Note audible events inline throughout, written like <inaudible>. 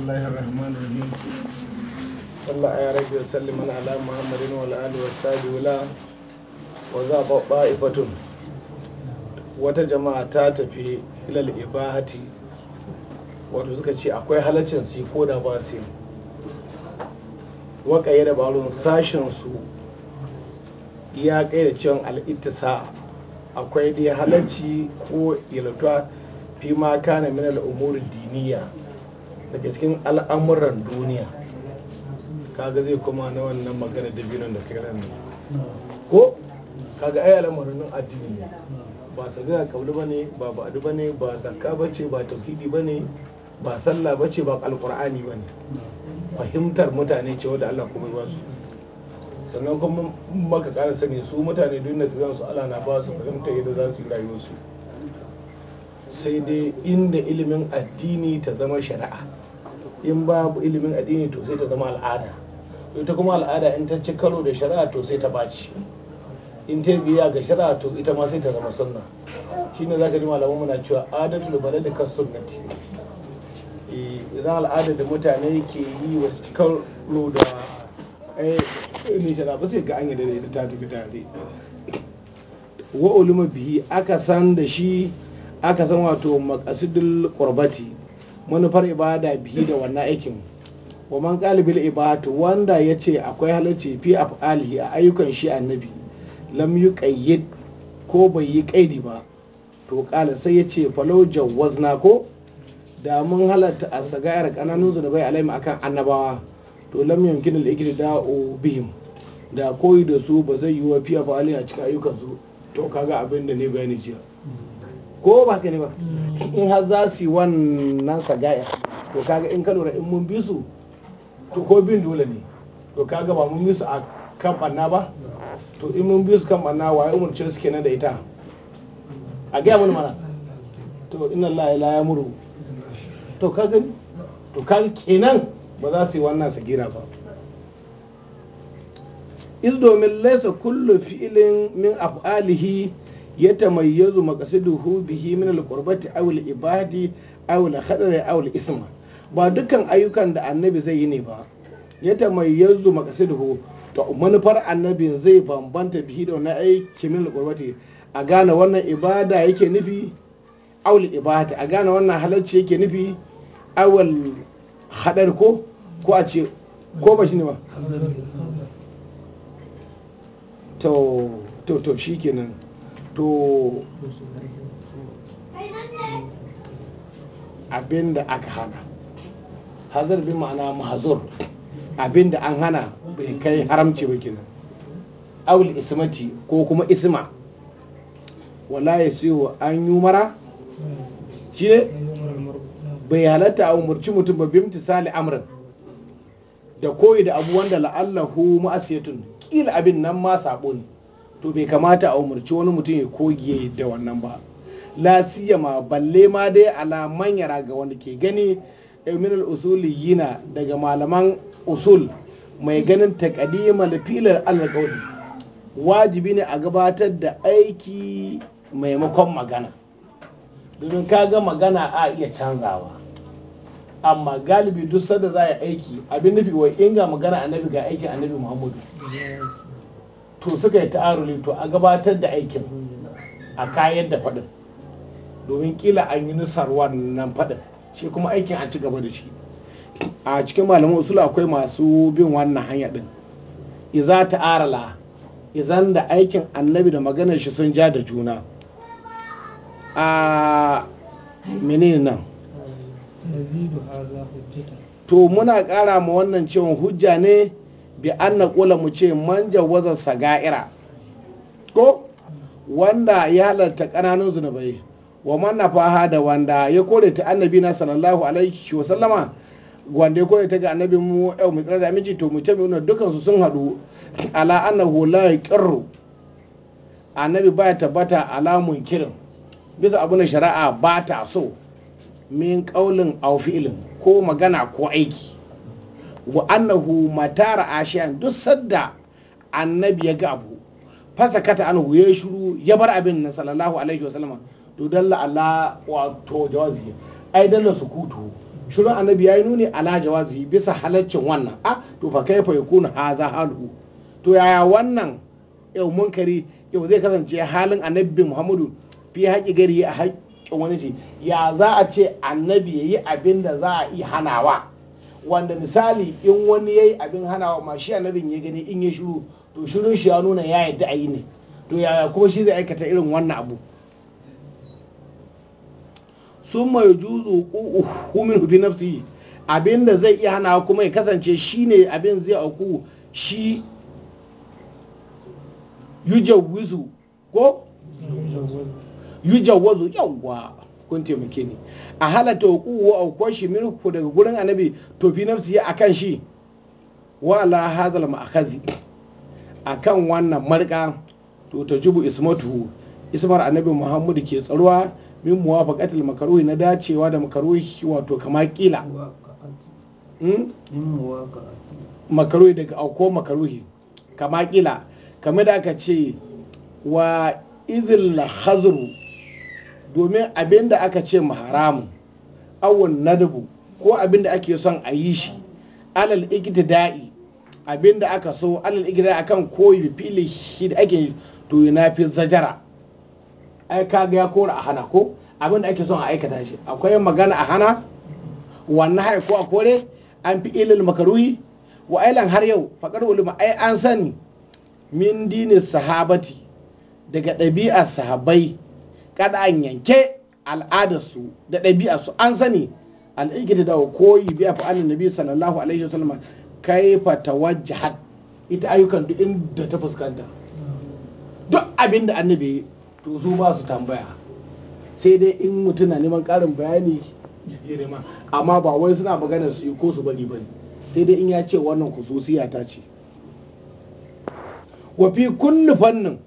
الله الرحمن الرحيم صلى يا رب وسلم على محمد والآل والصحب ولا wata jama'a ta tafi إلى الإباحة wato suka ce akwai halaccin su ko da ba su wakaye da balon sashen su ya kai da cewa al'ittisa akwai dai halacci ko ilatuwa fi ma kana min al'umurin diniya daga cikin al'amuran duniya kaga zai kuma na wannan magana da biyu da kai ne ko kaga ai al'amuran addini ne ba sagaya kauli bane ba ba'adu bane ba zakka bace ba tauhidi bane ba sallah bace ba alqur'ani bane fahimtar mutane cewa da Allah kuma ba su sannan kuma maka kara sani su mutane duk da zan su Allah na ba su fahimta yadda za su yi rayuwarsu sai dai inda ilimin addini ta zama shari'a in babu ilimin addini to sai ta zama al'ada ita kuma al'ada in ta ci karo da shari'a to sai ta baci in ta biya ga shari'a to ita ma sai ta zama sunna shine zaka ji malaman muna cewa adatul balad ka sunnati eh, idan al'ada da mutane ke yi wa ci karo da eh, ne shari'a ba sai ga an yadda da ta tafi tare wa uluma bihi aka san da shi aka san wato maqasidul qurbati manufar ibada bihi da wannan aikin wa man qalibil ibadatu wanda ce akwai halarci fi af'alihi a ayyukan shi annabi lam yuqayyid ko bai yi kaidi ba to kala sai yace falau jawazna ko da mun halatta a sagayar kananun zunubai alaihim akan annabawa to lam yamkin al iqtida'u bihim da koyi da su ba zai yi wa fiya fa'ali a cikin ayyukan su to kaga abin da ne bayani jiya ko ba ka ne ba in har za su yi wannan sagaya to kaga in ka lura in mun bi su to ko bin dole ne to kaga ba mun bi su a kan banna ba to in mun bi su kan banna wa ya umarci suke nan da ita a gaya mun mana to inna Allah la yamuru to kaga to kaga kenan ba za su yi wannan sagira ba iz domin laisa kullu fi'ilin min af'alihi yatamayyazu maqasiduhu bihi min al-qurbati aw al-ibadi aw al-khadari aw al-isma ba dukkan ayyukan da annabi zai yi ne ba yatamayyazu maqasiduhu to manufar annabin zai bambanta bihi da wani aiki min al-qurbati a gane wannan ibada yake nufi al ibada a gane wannan halarci yake nufi al hadar ko ko a ce ko ba shi ne ba to to to shikenan to abinda aka hana hazar bi ma'ana mahazur abinda an hana bai kai haramci ba kenan awul ismati ko kuma isma wala ya siyo an yi mara shi ne bai halatta a umarci mutum ba bimti sali amrin da koyi da abu wanda la'allahu ma'asiyatun kila abin nan ma sabo ne to bai kamata a umarci wani mutum ya koge da wannan ba lasiya ma, balle ma dai ala manyara ga wanda ke gani ilmin eh, usuli yina daga malaman usul mai ganin takadima da filar alƙawari wajibi ne a gabatar da aiki maimakon magana domin kaga magana a iya canzawa amma galibi duk sanda za a aiki abin nufi wa inga magana annabi ga aikin annabi muhammadu to suka yi ta'aruli to a gabatar da aikin a kayan da faɗin domin kila an yi nisarwa wannan faɗin shi kuma aikin a ci gaba da shi a cikin malamai, usul akwai masu bin wannan hanya ɗin iza ta'arala izan da aikin annabi da maganar shi sun ja da juna a menene nan to muna ƙara ma wannan cewa hujja ne bi an na kula mu ce man jawaza saga'ira ko wanda ya halarta ƙananan zunubai wa man faha da wanda ya kore ta annabi na sallallahu alaihi wa sallama wanda ya kore ta ga annabi mu yau mu da miji to mu ce mu dukan su sun hadu ala annahu la yaqirru annabi baya tabbata ala munkirin bisa abuna shari'a ba ta so min kaulin aw fi'ilin ko magana ko aiki wa annahu matara ashiyan duk sadda annabi ya ga abu fasa kata anhu ya shiru ya bar abin na sallallahu alaihi wa sallama to dalla ala wato jawazi ai dalla sukutu shirin annabi ya yi nuni ala jawazi bisa halaccin wannan a to fa kai fa yakunu haza halu to yaya wannan yau munkari yau zai kasance halin annabi muhammadu fi haƙi gari a haƙƙin wani ce? ya za a ce annabi ya yi abin da za a iya hanawa wanda misali in wani yayi abin hanawa wa shi annabin ya gani in ya shiru to shirin shi ya nuna ya yadda a yi ne to yaya kuma shi zai aikata irin wannan abu sun mai juzu humin hufi nafsi abin da zai iya hana kuma ya kasance shi ne abin zai auku shi yujawwizu ko yujawwazu yawwa kun taimake ni a halatta hukuku aukuwar shi min ku daga gurin annabi to fi nafsi a kan shi wa ala hadal ma'akazi a kan wannan marka to ta jubu ismatuhu ismar annabi muhammadu ke tsaruwa min muwafaqatil makaruhi na dacewa da makaruhi wato kama kila hmm? makaruhi daga auko makaruhi kama kila kamar da aka ce wa izil hazru domin abin da aka ce ma haramun awon nadabu ko abin da ake son a yi shi alal da'i abin da aka so alal a kan koyi fili shi da ake to fi zajara ai kaga ya kora a hana ko abin da ake son a aikata shi akwai magana a hana wannan hai ko a kore an fi ilil makaruhi wa ailan har yau fakar ulama ai an sani min dinin sahabati daga ɗabi'ar sahabai kada an yanke al'adarsu da ɗabi'arsu an sani al'ikita da koyi biya fa annan nabi sallallahu alaihi wasallam kaifa tawajjahat ita ayyukan duk inda ta fuskanta duk abin da annabi to su ba su tambaya sai dai in mutum na neman ƙarin bayani amma ba wai suna magana su yi ko su bari bari sai dai in ya ce wannan khususiya ta ce wa fi fannin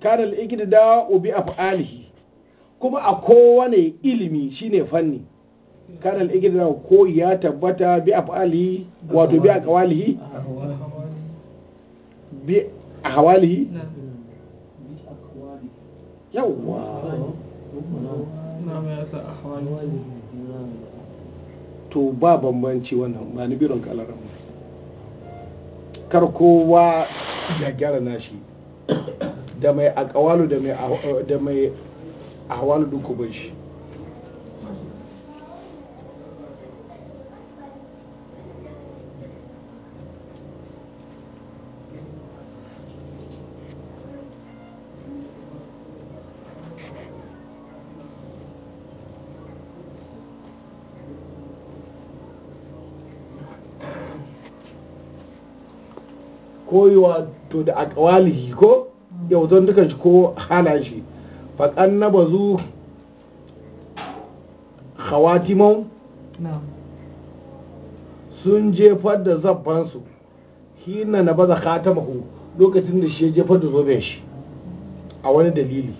kana al ubi a af'alihi kuma a kowane ilimi shine fanni kana al da ko ya tabbata bi af'alihi wato bi a kawalihi bi a hawalihi yawwa to ba bambanci wannan ba ni biron kalaran kar kowa ya gyara nashi da mai akawalu eh, da mai ahwalu duk bai shi koyuwa to da akawalihi ko don duka shi ko hana shi faƙan na bazu hawatimau sun jefar da zabbansu hina na baza mahu lokacin da shi ya jefar da zoben shi a wani dalili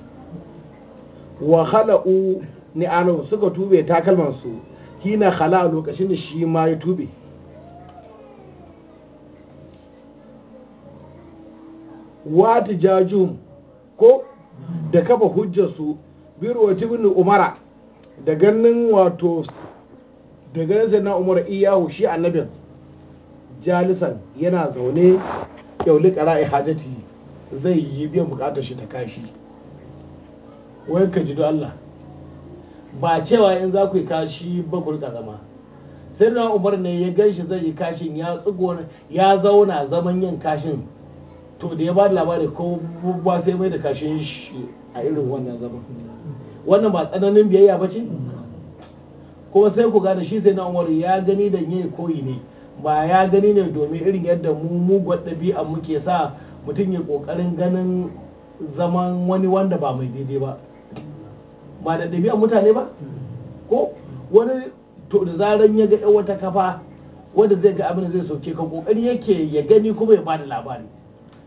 wa khala'u suka tube takalmansu hina a lokacin da shi ma ya tube wati jajun. ko da kafa hujjarsu birwa ibn umara da ganin wato da ganin sai na umar iyahu shi a annabin jalisan yana zaune kara a hajjati zai yi biyan bukatar shi ta kashi wai ka ji Allah ba cewa in za ku yi kashi ba ku zama sai na umar ne ya gan shi zai yi kashin ya tsugo ya zauna zaman yin kashin to da ya ba da labari ko ba sai mai da kashin shi a irin wannan zaman wannan ba tsananin biyayya ba ce kuma sai ku gane shi sai na umaru ya gani da yi koyi ne ba ya gani ne domin irin yadda mu mugun ɗabi'a muke sa mutum ya ƙoƙarin ganin zaman wani wanda ba mai daidai ba ba da ɗabi'a mutane ba ko wani to da zaran ya ga wata kafa wanda zai ga abin da zai soke ka ƙoƙari yake ya gani kuma ya ba da labari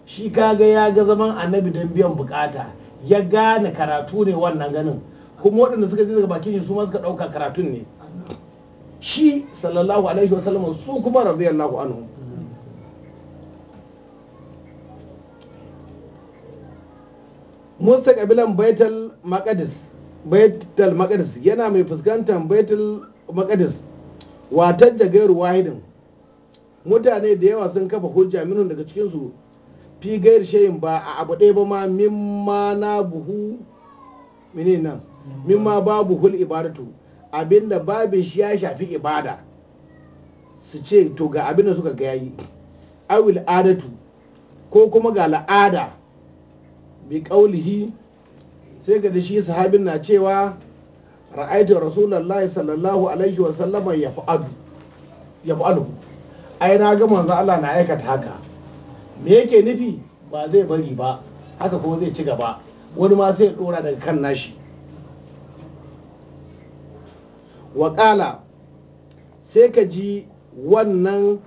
shi kaga ya ga zaman annabi don biyan bukata ya gane karatu ne wannan ganin kuma waɗanda suka je daga bakin shi su ma suka ɗauka karatun ne shi sallallahu alaihi wasallam su kuma radiyallahu anhu musa kabilan baitul maqdis baitul maqdis yana mai fuskantar baitul maqdis watan jagairu wahidin mutane da yawa sun kafa hujja minun daga cikinsu fi gair shayin ba a abu ɗaya ba ma mimma na buhu mini nan mimma babu hul ibadatu abinda babin shi ya shafi ibada su ce to ga abinda suka ga yayi awil adatu ko kuma ga la'ada bi kaulihi sai ga shi sahabin na cewa ra'aitu rasulullahi sallallahu alaihi wasallama ya fa'alu ai na ga manzo Allah na aikata haka me yake nufi ba zai bari ba haka kuma zai ci gaba wani ma sai dora daga kan nashi waƙala sai ka ji wannan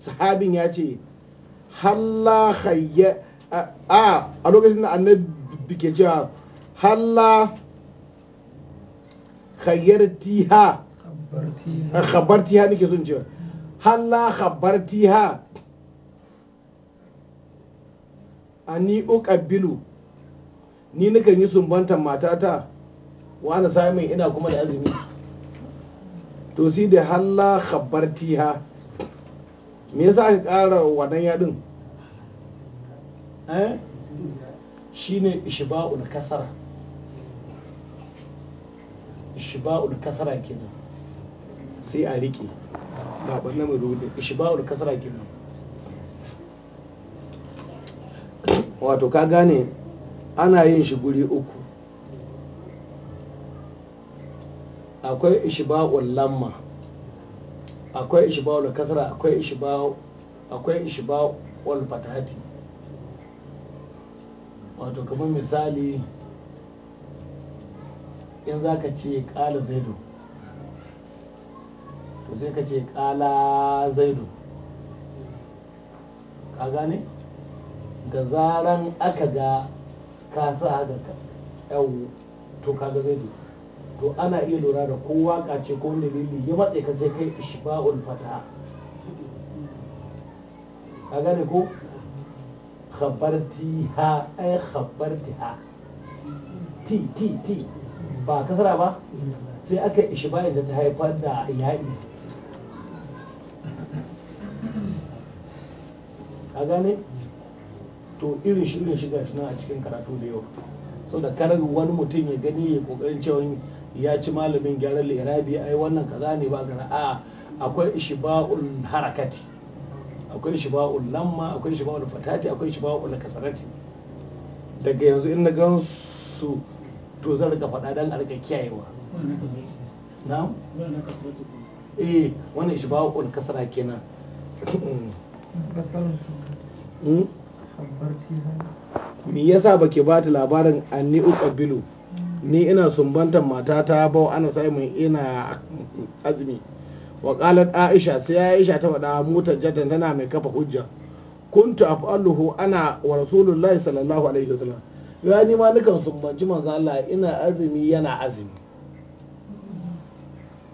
sahabin ya ce halla hayya a a lokacin da annabi ke cewa halla hayyartiha khabartiha nake son cewa halla tiha. A ni uqabbilu ni nakan yi sumbantar matata wa ana samun ina kuma da azumi to si da halla tiha me yasa aka ƙara wannan yadin eh shine ishba'ul kasara ishba'ul kasara kenan sai a rike ba na mai rubuta ishba'ul kasara kenan wato ka gane ana yin shi guri uku akwai ishba'ul lamma akwai ishba'ul kasra akwai ishba'ul akwai fatati wato kamar misali in za ka ce ƙala zaidu to sai ka ce ƙala zaidu ka gane? da zaran aka ga ka sa haka yau to kaga zai doka to ana iya lura da ko waka ce ko dalili ya matse ka sai kai ishba'ul fata ka gane ko khabarti ha ai khabarti ha ti ti ti ba kasara ba sai aka ishba'in da ta haifar da yaƙi ka gane to irin shi shiga shi gashi a cikin karatu da yawa saboda karar wani mutum ya gani ya kokarin cewa ya ci malamin gyaran lirabi ai wannan kaza ne ba gara a akwai ishba'ul harakati akwai ishba'ul lamma akwai ishba'ul fatati akwai ishba'ul kasarati daga yanzu in na gan su to zan rika faɗa dan a rika kiyayewa na'am eh wannan ishba'ul kasara kenan kasarati me yasa baki ba ta labarin anni ukabilu ni ina sumbantar matata ba ana samun ina azumi wa qalat aisha sai aisha ta faɗa motar jatan tana mai kafa hujja kuntu af'aluhu ana wa rasulullahi sallallahu alaihi wasallam ya ni ma nukan sumbanci manzo Allah ina azumi yana azumi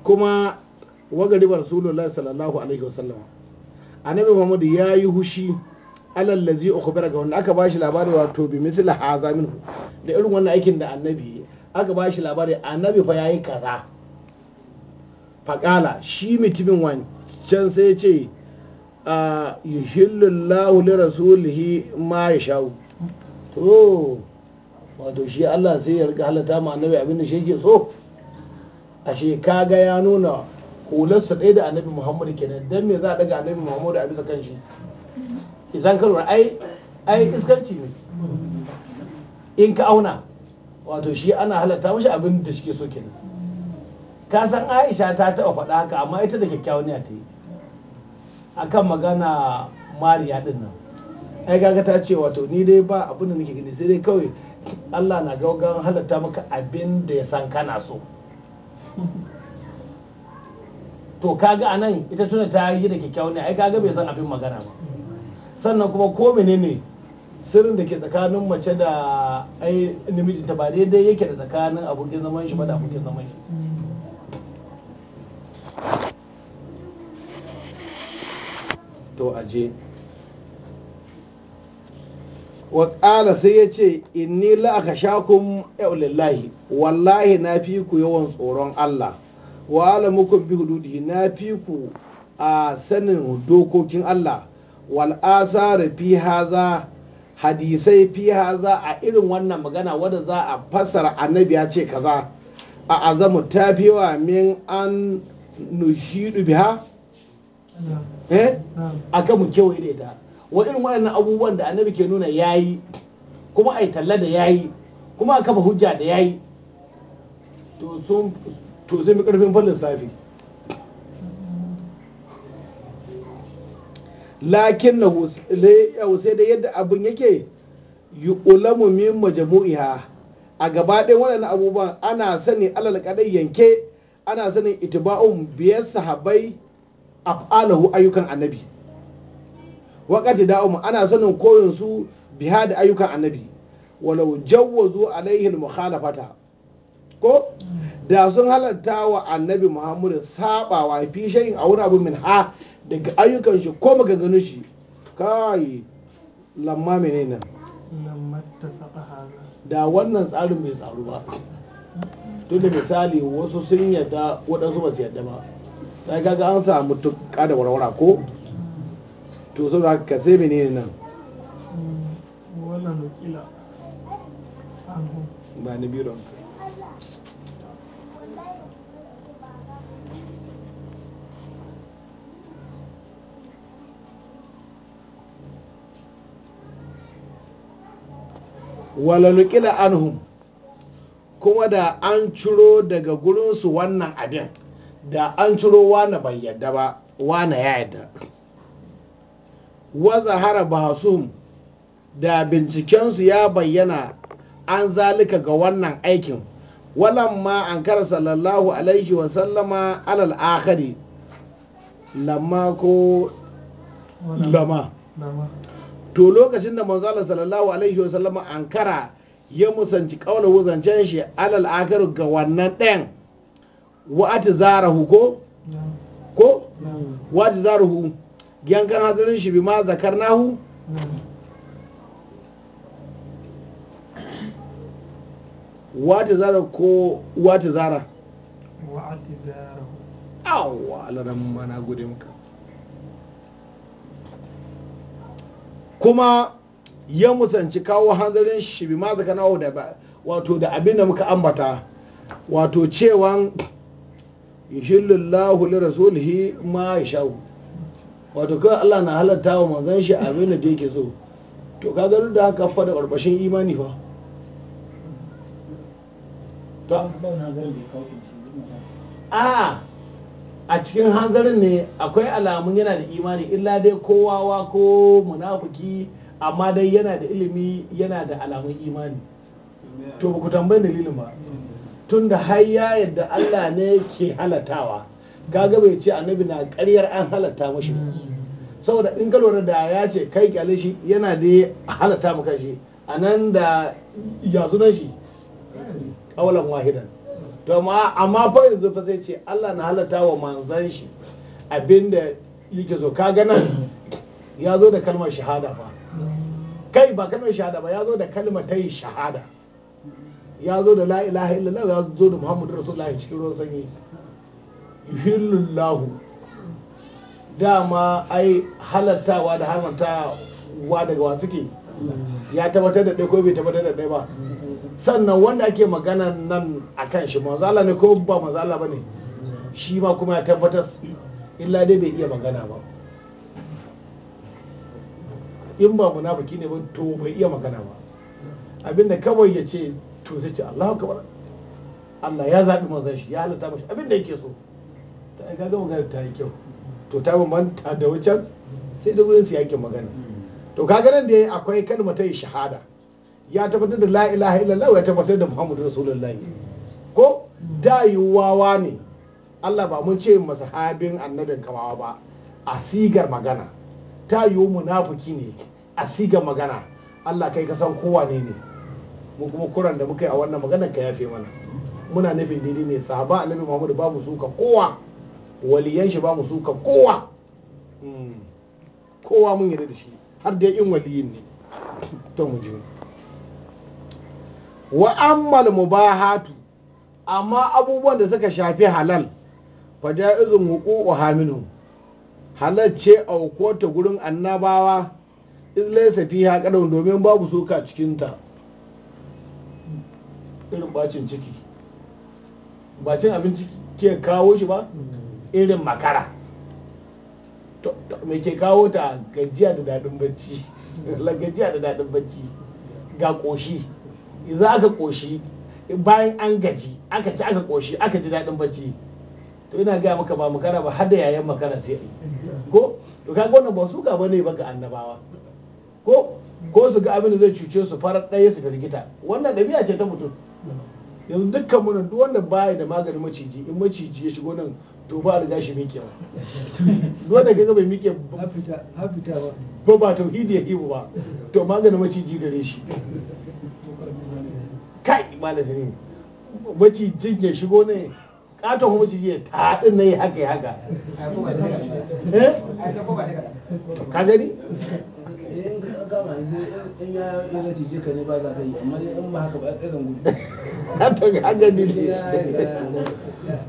kuma wagari rasulullahi sallallahu alaihi wasallam annabi Muhammad ya yi hushi alal ladzi ukhbara ga wanda aka bashi labari wato bi misli haza minhu da irin wannan aikin da annabi aka bashi labari annabi fa yayi kaza faƙala shi mutumin wancan sai ce a yuhillullahu li rasulihi ma ya sha'u to wato shi Allah sai ya rika halata ma annabi abin da shi ke so ashe kaga ya nuna hularsa ɗaya da annabi Muhammadu kenan don me za a ɗaga annabi Muhammadu a bisa kan shi Izan ka lura ai ai iskanci ne in ka auna wato shi ana halatta mashi abin da shike ke so kenan ka san aisha ta taba faɗa haka amma ita da kyakkyawan ya ta yi akan magana mariya din nan ai gaga ta ce wato ni dai ba abin da nake gani sai dai kawai Allah na gaugan halatta maka abin da ya san kana so to kaga anan ita tuna ta yi da kyakkyawan ai kaga bai san abin magana ba sannan kuma ko menene sirrin da ke tsakanin mace da ai ta ba daidai yake da tsakanin abokin zaman shi ba da abokin zaman shi to aje wa ƙala sai ya ce inni la'aka shakun lillahi wallahi na fi ku yawan tsoron Allah wa muku bi hududihi na fi ku a sanin dokokin Allah wal asar fi haza hadisai fi haza a irin wannan magana wadda za a fassara annabi ya ce kaza a azamu tafiwa min an nuhidu biha eh aka mu kewaye da ita wa irin wannan abubuwan da annabi ke nuna yayi kuma ai talla da yayi kuma a kafa hujja da yayi to sun to sai mu karfin fallin safi lakin na sai da yadda abin yake yi ulamu min a gaba ɗaya waɗannan abubuwan ana sani alal kadai yanke ana sanin itiba'un biyar sahabai af'alahu ayyukan annabi waƙati da'um ana sanin koyon su biha da ayyukan annabi walau jawwazu alaihi mukhalafata ko da sun halatta wa annabi muhammadu sabawa fi shayin a wurin abu min ha daga ayyukan shi ko maganganun shi kai lamma mene nan da wannan tsarin bai tsaru ba duk da misali wasu sun yadda waɗansu ba su yadda ba ga kaga an samu tukka da warwara ko to saboda ka sai mene nan mm, wannan nukila ba ni biron ka wala nukila anhum kuma da an ciro daga gurinsu wannan abin da an ciro wane bai yadda ba wane ya yadda waza hara bahasum da bincikensu ya bayyana an zalika ga wannan aikin ma an kara sallallahu alaihi wasallama alal akhari lamma ko lama to lokacin da manzala sallallahu alaihi wa sallama ankara ya musanci kaula wuzancen shi alal akhiru ga wannan ɗayan wa atizarahu ko ko wa atizarahu yankan hadirin shi bi bima zakarnahu wata zara ko wata zara wata zara awa alaran mana gode maka kuma ya musanci kawo hanzarin shi bi ma zakanahu da wato da abin da muka ambata wato cewan yushillullahu li rasulihi ma yashau wato kawai Allah na halatta wa manzon shi abin da yake so to ka duk da haka fa da ƙarƙashin imani fa a a cikin hanzarin ne akwai alamun yana da imani illa dai kowawa ko munafuki amma dai yana da ilimi yana da alamun imani to ba ku tambayi dalilin ba tun da har ya yadda Allah ne ke halatawa kaga bai ce annabi na karyar an halatta mashi saboda in ka lura da ya ce kai kyale shi yana da halatta maka shi a nan da yazunan shi ƙaulan wahidan to amma fa yanzu fa zai ce Allah na halatta wa manzan shi abinda yake zo ka ganan ya zo da kalmar shahada fa kai ba kalmar shahada ba ya zo da kalmar ta shahada ya zo da la ilaha illallah ya zo da muhammadu rasulullah cikin ruwan sanyi yuhillullahu dama ai halattawa da wa daga wasu ke ya tabbatar da ɗaya ko bai tabbatar da ɗaya ba sannan wanda ake magana nan a kan shi manzala ne ko ba manzala ba ne shi ma kuma ya tabbatar illa dai bai iya magana ba in ba munafiki ne ba to bai iya magana ba abinda kawai ya ce to sai ce Allahu akbar Allah ya zaɓi manzon shi ya halatta mashi abinda yake so ta ga ga magana ta yi kyau to ta bambanta da wancan sai da wurin su yake magana to kaga nan dai akwai kalmar ta shahada ya tabbatar da la'ilaha illallah ya tabbatar da muhammadu rasulullahi ko dayuwawa ne Allah ba mun ce masahabin annabin kamawa ba a sigar magana ta yiwu munafuki ne a sigar magana Allah kai ka kowa ne ne mu kuma kuran da muka yi a wannan maganar ka yafe mana muna nufin daidai ne sahaba annabi muhammadu ba mu suka kowa waliyan shi mu suka kowa hmm. kowa mun yi da shi har dai in waliyin ne to mu ji wa ammal mubahatu amma abubuwan da suka shafi halal faja'izun huququ haminu halacce auko ta gurin annabawa in laysa fiha qadun domin babu soka cikin ta irin bacin ciki bacin abinci ke kawo shi ba irin makara me ke kawo ta gajiya da dadin bacci <laughs> gajiya da dadin bacci ga koshi za aka koshi bayan an gaji aka ci aka koshi aka ji daɗin bacci to ina gaya maka ba makara ba har da yayan makara sai ai ko to kaga wannan ba su ga ne ba ga annabawa ko ko su ga abin da zai cuce su farar ɗaya su firgita wannan ɗabi'a ce ta mutum yanzu dukkan mu duk wanda baya da maganin maciji in maciji ya shigo nan to ba riga shi miƙe ba duk wanda kaga bai miƙe ba ba tauhidi ya hibu ba to maganin maciji gare shi kai malam sani macijin ya shigo ne kuma ya na yi haka ya haka eh? ka gani in ya yi maciji ka ne ba za ka yi amma in ba haka ba irin gudu <laughs> gani ne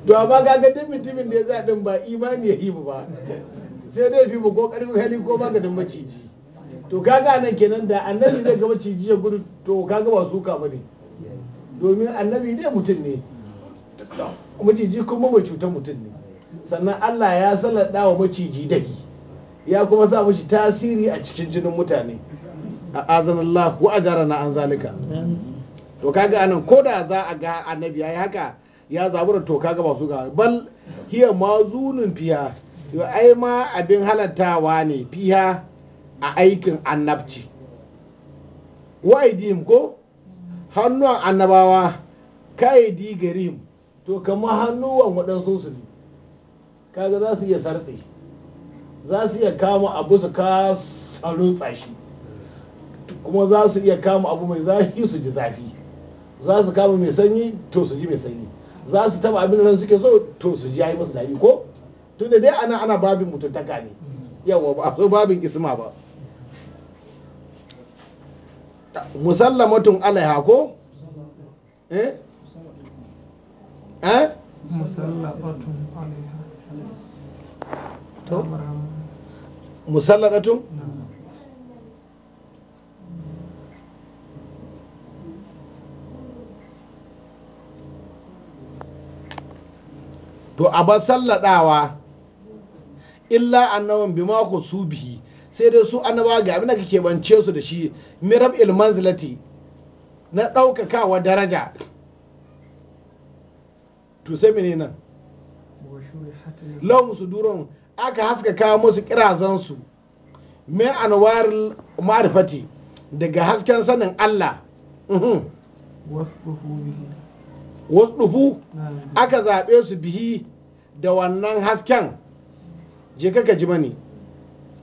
to amma ga mutumin da ya din ba imani ya yi ba sai dai fi ko karfin hali ko maganin maciji to nan kenan da annabi zai ga maciji ya gudu to ga ba suka ba ne domin annabi ne mutum ne maciji kuma mai cutar mutum ne sannan Allah ya sallada wa maciji daki ya kuma sa mashi tasiri a cikin jinin mutane a azanallah ko a na an zalika to kaga anan ko da za a ga annabi ya yi haka ya zabura to kaga ba su ga bal hiya mazunun fiya yo ai ma abin halattawa ne fiya a aikin annabci wa ko hannuwan annabawa kaidi garihim to kamar hannuwan waɗansu su ne kaga za su iya sartse za su iya kama abu su ka shi kuma za su iya kama abu mai zafi su ji zafi za su kama mai sanyi to su ji mai sanyi za su taba abin da suke so to su ji yayi musu daɗi ko tunda dai ana ana babin mutuntaka ne mm. yawa ba so babin isma ba musallamatun alaiha ko eh eh musallamatun alaiha to musallamatun to a bar salladawa illa annawan bi mako su bihi sai dai su annaba ga abin da kake bance su da shi mirab ilmanzilati na ɗaukakawa daraja to sai mene nan su duron aka haskaka musu kirazansu mai anwar ma'rifati daga hasken sanin Allah wasdufu aka zaɓe su bihi da wannan hasken je kaka ji mani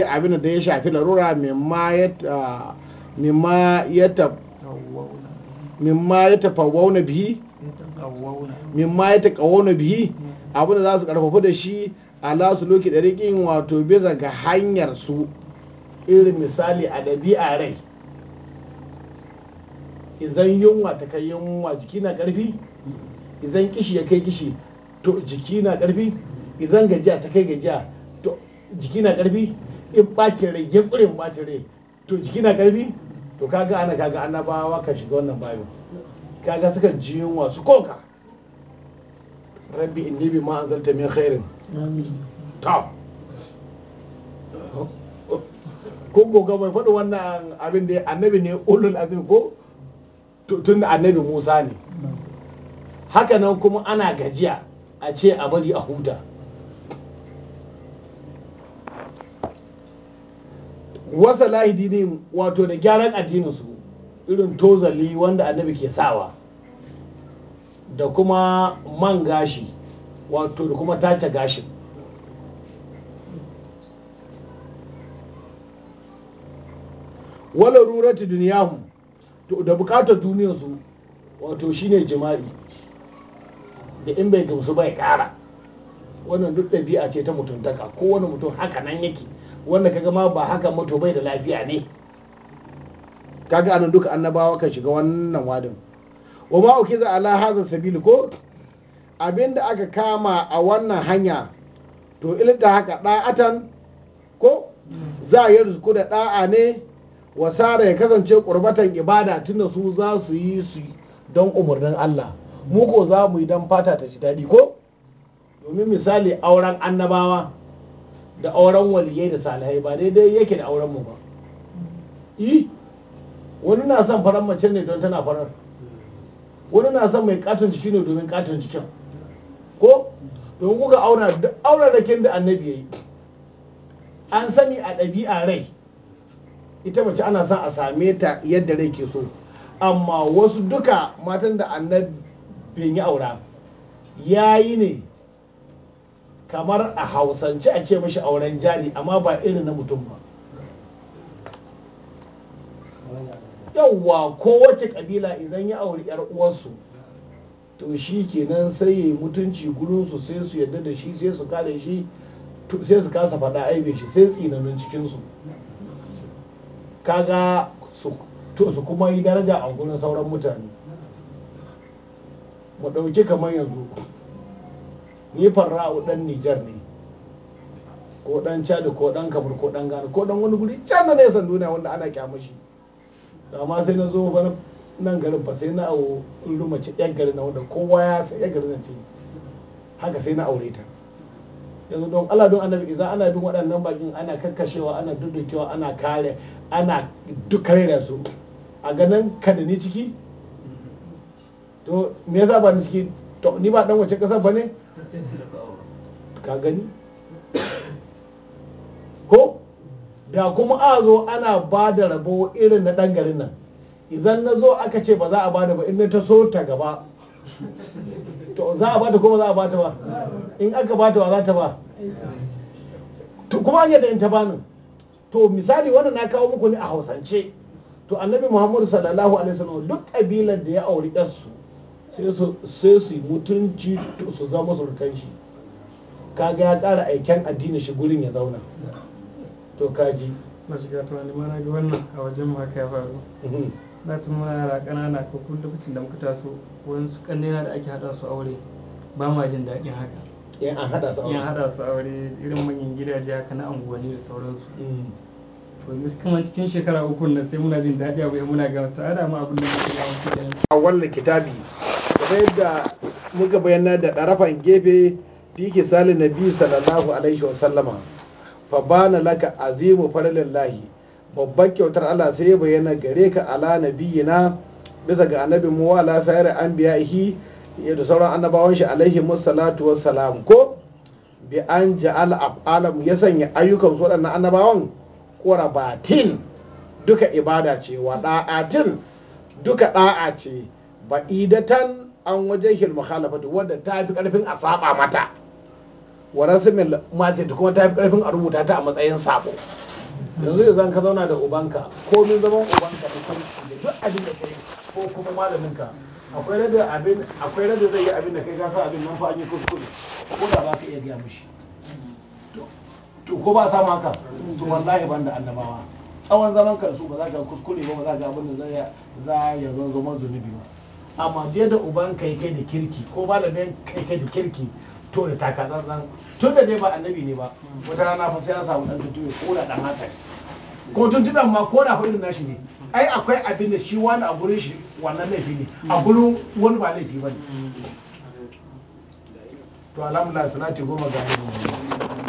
sai abin da ya shafi larura mimma ya tafawwauna bihi mimma ya taƙawwauna bihi abin da za su karfafa da shi a lasu loki rikin wato bisa ga hanyar su irin misali a ɗabi'a rai izan yunwa ta kai yunwa jiki na ƙarfi izan kishi ya kai kishi to jiki na ƙarfi izan gajiya ta kai gajiya to jiki na ƙarfi in ɓacin rai ya ƙure ɓacin rai to jiki na ƙarfi to kaga ana kaga annabawa ka shiga wannan bayan kaga suka ji wasu su koka rabbi in bi ma anzalta min khairin ta kun goga mai faɗi wannan abin da annabi ne ulul azim ko tun da annabi musa ne haka nan kuma ana gajiya a ce a bari a huta wasa lahidi ne wato da gyaran addinin su irin tozali wanda annabi ke sawa da kuma man gashi wato da kuma tace gashin wala rurati duniyahu to da bukatar duniyarsu wato shine jima'i da in bai gamsu bai kara wannan duk ɗabi'a ce ta mutuntaka kowane mutum haka nan yake wanda kaga ma ba haka mato bai da lafiya ne kaga anan duka annabawa kan shiga wannan wadin wa ma uke za ala haza sabili ko abinda aka kama a wannan hanya to ilta haka da'atan ko za a yi rizku da da'a ne wasara ya kasance kurbatan ibada tunda su za su yi su don umarnin Allah mu ko za mu yi don fata ta ji daɗi ko domin misali auren annabawa da auren waliyai da salihai ba daidai yake da auren mu ba yi e, wani na son farar mace ne don tana farar wani na son mai katon jiki ne domin katon jikin ko domin kuka auna da aurarrakin da annabi ya yi an sani a ɗabi'a rai ita mace ana son a same ta yadda rai ke so amma wasu duka matan da annabi bai yi aura ya yi ne kamar a hausance a ce mashi auren jari amma ba irin na mutum ba yawwa kowace kabila idan ya auri yar uwarsu to shi kenan sai ya yi mutunci gurinsu sai su yadda da shi sai su kare shi sai su kasa faɗa aibe shi sai tsinanin cikinsu kaga su kuma yi daraja a gurin sauran mutane mu ɗauki kamar yanzu ni farra'u dan Nijar ne ko dan Chad ko dan Kabul ko dan Ghana ko dan wani guri can na san duniya wanda ana kyamar shi amma sai na zo bana nan garin ba sai na awo ruma ce yan garin wanda kowa ya san yan garin ce haka sai na aure ta yanzu don Allah don annabi idan ana bin waɗannan bakin ana kakkashewa ana dudukewa ana kare ana dukkan da su a ganin ka da ni ciki to me yasa ba ni ciki to ni ba dan wace kasa ne? ka gani ko da kuma a zo ana ba da rabo irin na ɗan garin nan idan na zo aka ce ba za a ba da ba in ta so ta gaba to za a ba ko ba za a ba ta ba in aka ba ta, ba za ta ba to kuma an yadda in ta bani to misali wannan na kawo muku ne a hausance to annabi muhammadu sallallahu alaihi wasallam duk kabilar da ya auri yarsu sai su mutunci su zama surukan shi kaga ya ƙara aiken addinin shi gurin ya zauna to kaji na shiga tunani ma na ga wannan a wajen ma ya faru mhm. na tun mana yara ƙanana ko kuma lokacin da muka taso wani su ƙannena da ake haɗa su aure ba ma jin daɗin haka yan eh, an haɗa su aure irin manyan gidaje haka na anguwanni da sauransu mm. kamar cikin shekara uku na sai muna jin daɗi abu muna ga ta da mu abin da muke yawon a wannan kitabi kamar yadda muka bayyana da ɗarafan gefe fi na biyu sallallahu alaihi wasallama fa bana laka azimu lahi babban kyautar Allah sai ya bayyana gare ka ala nabiyina bisa ga annabi mu wa ala sayar ya da sauran annabawan shi alaihi musallatu wassalam ko bi an ja'al af'alam ya sanya ayyukan su waɗannan annabawan qurabatin duka ibada ce wa da'atin duka da'a ce ba'idatan an waje hil mukhalafatu wanda ta fi karfin a saba mata wa rasmin masit kuma ta fi karfin a rubuta ta a matsayin sabo yanzu zan ka zauna da ubanka ko min zaman ubanka da sarki da duk abin da kai ko kuma malaminka akwai rada abin akwai rada zai yi abin da kai ka sa abin nan fa an yi kuskure ko da ba ka iya gaya mishi to ko ba sa maka to wallahi banda annabawa tsawon zaman kansu ba za ka kuskure ba ba za ka abin da za ya zan zama zunubi ba amma dai da uban kai kai da kirki ko malamin kai kai da kirki to da takatsantsan tun da dai ba annabi ne ba wata rana fa sai ya samu dan tuntube ko da dan haka ko tuntuben ma ko da hudun nashi ne ai akwai abin da shi wani a gurin shi wannan laifi ne a gurin wani ba laifi ba ne to alhamdulillah salati goma ga